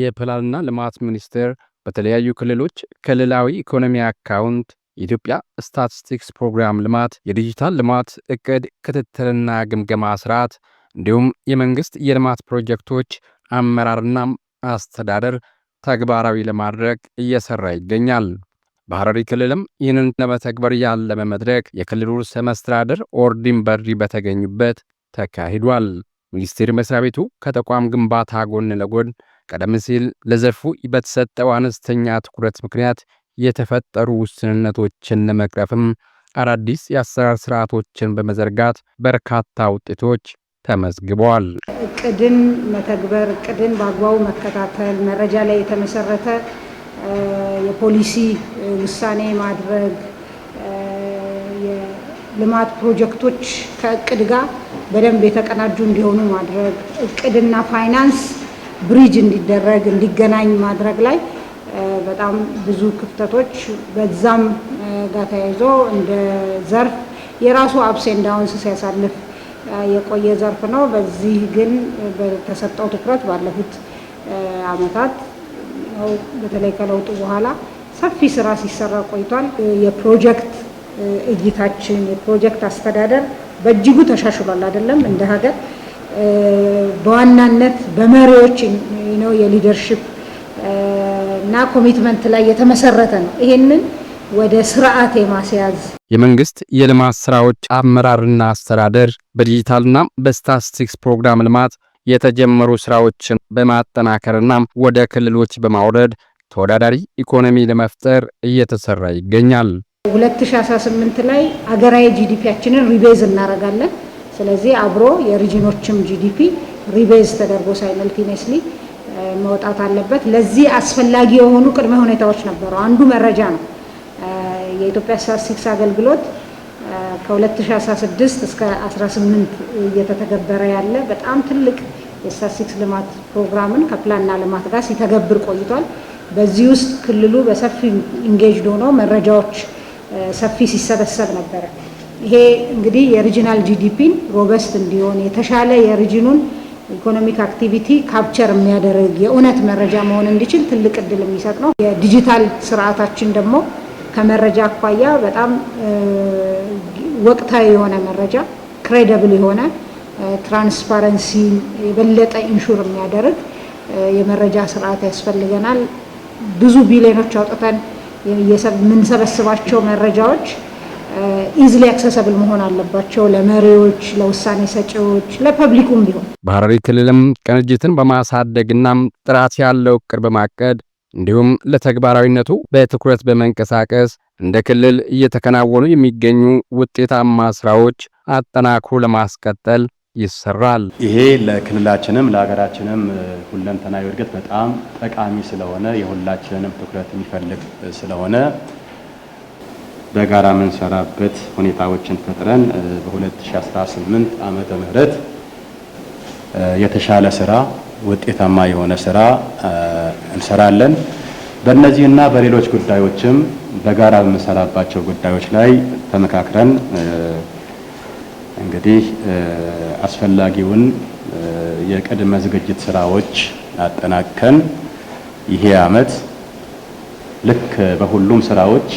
የፕላንና ልማት ሚኒስቴር በተለያዩ ክልሎች ክልላዊ ኢኮኖሚ አካውንት የኢትዮጵያ ስታቲስቲክስ ፕሮግራም ልማት፣ የዲጂታል ልማት እቅድ ክትትልና ግምገማ ስርዓት እንዲሁም የመንግሥት የልማት ፕሮጀክቶች አመራርና አስተዳደር ተግባራዊ ለማድረግ እየሰራ ይገኛል። በሐረሪ ክልልም ይህንን ለመተግበር ያለመ መድረክ የክልሉ ርዕሰ መስተዳድር ኦርዲን በድሪ በተገኙበት ተካሂዷል። ሚኒስቴር መስሪያ ቤቱ ከተቋም ግንባታ ጎን ለጎን ቀደም ሲል ለዘርፉ በተሰጠው አነስተኛ ትኩረት ምክንያት የተፈጠሩ ውስንነቶችን ለመቅረፍም አዳዲስ የአሰራር ስርዓቶችን በመዘርጋት በርካታ ውጤቶች ተመዝግበዋል። እቅድን መተግበር፣ እቅድን በአግባቡ መከታተል፣ መረጃ ላይ የተመሰረተ የፖሊሲ ውሳኔ ማድረግ፣ የልማት ፕሮጀክቶች ከእቅድ ጋር በደንብ የተቀናጁ እንዲሆኑ ማድረግ፣ እቅድና ፋይናንስ ብሪጅ እንዲደረግ እንዲገናኝ ማድረግ ላይ በጣም ብዙ ክፍተቶች በዛም ጋር ተያይዞ እንደ ዘርፍ የራሱ አብሴንዳውንስ ሲያሳልፍ የቆየ ዘርፍ ነው። በዚህ ግን በተሰጠው ትኩረት ባለፉት አመታት በተለይ ከለውጡ በኋላ ሰፊ ስራ ሲሰራ ቆይቷል። የፕሮጀክት እይታችን የፕሮጀክት አስተዳደር በእጅጉ ተሻሽሏል አይደለም እንደ ሀገር በዋናነት በመሪዎች ነው የሊደርሽፕ እና ኮሚትመንት ላይ የተመሰረተ ነው። ይሄንን ወደ ስርዓት የማስያዝ የመንግስት የልማት ስራዎች አመራርና አስተዳደር በዲጂታልና በስታስቲክስ ፕሮግራም ልማት የተጀመሩ ስራዎችን በማጠናከርና ወደ ክልሎች በማውረድ ተወዳዳሪ ኢኮኖሚ ለመፍጠር እየተሰራ ይገኛል። 2018 ላይ አገራዊ ጂዲፒያችንን ሪቤዝ እናደርጋለን። ስለዚህ አብሮ የሪጅኖችም ጂዲፒ ሪቤዝ ተደርጎ ሳይመልቲኔስሊ መውጣት አለበት። ለዚህ አስፈላጊ የሆኑ ቅድመ ሁኔታዎች ነበሩ። አንዱ መረጃ ነው። የኢትዮጵያ ስታትስቲክስ አገልግሎት ከ2016 እስከ 18 እየተተገበረ ያለ በጣም ትልቅ የስታትስቲክስ ልማት ፕሮግራምን ከፕላንና ልማት ጋር ሲተገብር ቆይቷል። በዚህ ውስጥ ክልሉ በሰፊ ኢንጌጅድ ሆኖ መረጃዎች ሰፊ ሲሰበሰብ ነበረ። ይሄ እንግዲህ የሪጂናል ጂዲፒን ሮበስት እንዲሆን የተሻለ የሪጂኑን ኢኮኖሚክ አክቲቪቲ ካፕቸር የሚያደርግ የእውነት መረጃ መሆን እንዲችል ትልቅ እድል የሚሰጥ ነው። የዲጂታል ስርዓታችን ደግሞ ከመረጃ አኳያ በጣም ወቅታዊ የሆነ መረጃ ክሬደብል የሆነ ትራንስፓረንሲ የበለጠ ኢንሹር የሚያደርግ የመረጃ ስርዓት ያስፈልገናል። ብዙ ቢሊዮኖች አውጥተን የምንሰበስባቸው መረጃዎች ኢዝሊ uh, አክሰሰብል መሆን አለባቸው ለመሪዎች፣ ለውሳኔ ሰጪዎች፣ ለፐብሊኩም ቢሆን። በሐረሪ ክልልም ቅንጅትን በማሳደግና ጥራት ያለው እቅድ በማቀድ እንዲሁም ለተግባራዊነቱ በትኩረት በመንቀሳቀስ እንደ ክልል እየተከናወኑ የሚገኙ ውጤታማ ስራዎች አጠናክሮ ለማስቀጠል ይሰራል። ይሄ ለክልላችንም ለሀገራችንም ሁለንተናዊ እድገት በጣም ጠቃሚ ስለሆነ የሁላችንንም ትኩረት የሚፈልግ ስለሆነ በጋራ የምንሰራበት ሁኔታዎችን ፈጥረን በ2018 ዓመተ ምህረት የተሻለ ስራ ውጤታማ የሆነ ስራ እንሰራለን። በእነዚህና በሌሎች ጉዳዮችም በጋራ በምንሰራባቸው ጉዳዮች ላይ ተመካክረን እንግዲህ አስፈላጊውን የቅድመ ዝግጅት ስራዎች አጠናከን ይሄ አመት ልክ በሁሉም ስራዎች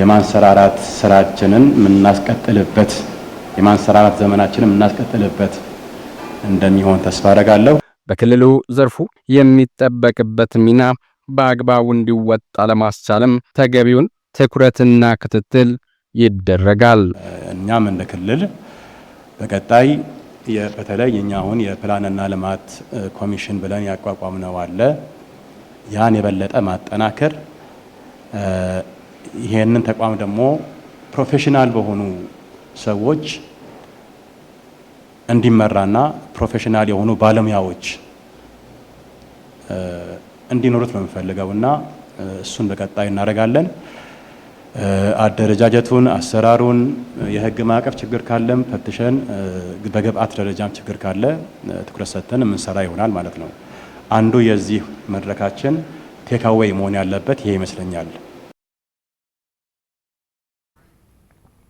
የማንሰራራት ስራችንን የምናስቀጥልበት የማንሰራራት ዘመናችንን የምናስቀጥልበት እንደሚሆን ተስፋ አደርጋለሁ። በክልሉ ዘርፉ የሚጠበቅበት ሚና በአግባቡ እንዲወጣ ለማስቻልም ተገቢውን ትኩረትና ክትትል ይደረጋል። እኛም እንደ ክልል በቀጣይ በተለይ እኛ አሁን የፕላንና ልማት ኮሚሽን ብለን ያቋቋምነው አለ ያን የበለጠ ማጠናከር ይሄንን ተቋም ደግሞ ፕሮፌሽናል በሆኑ ሰዎች እንዲመራና ፕሮፌሽናል የሆኑ ባለሙያዎች እንዲኖሩት ነው የምፈልገው እና እሱን በቀጣይ እናደርጋለን። አደረጃጀቱን፣ አሰራሩን፣ የህግ ማዕቀፍ ችግር ካለም ፈትሸን በግብአት ደረጃም ችግር ካለ ትኩረት ሰጥተን የምንሰራ ይሆናል ማለት ነው። አንዱ የዚህ መድረካችን ቴካዌይ መሆን ያለበት ይሄ ይመስለኛል።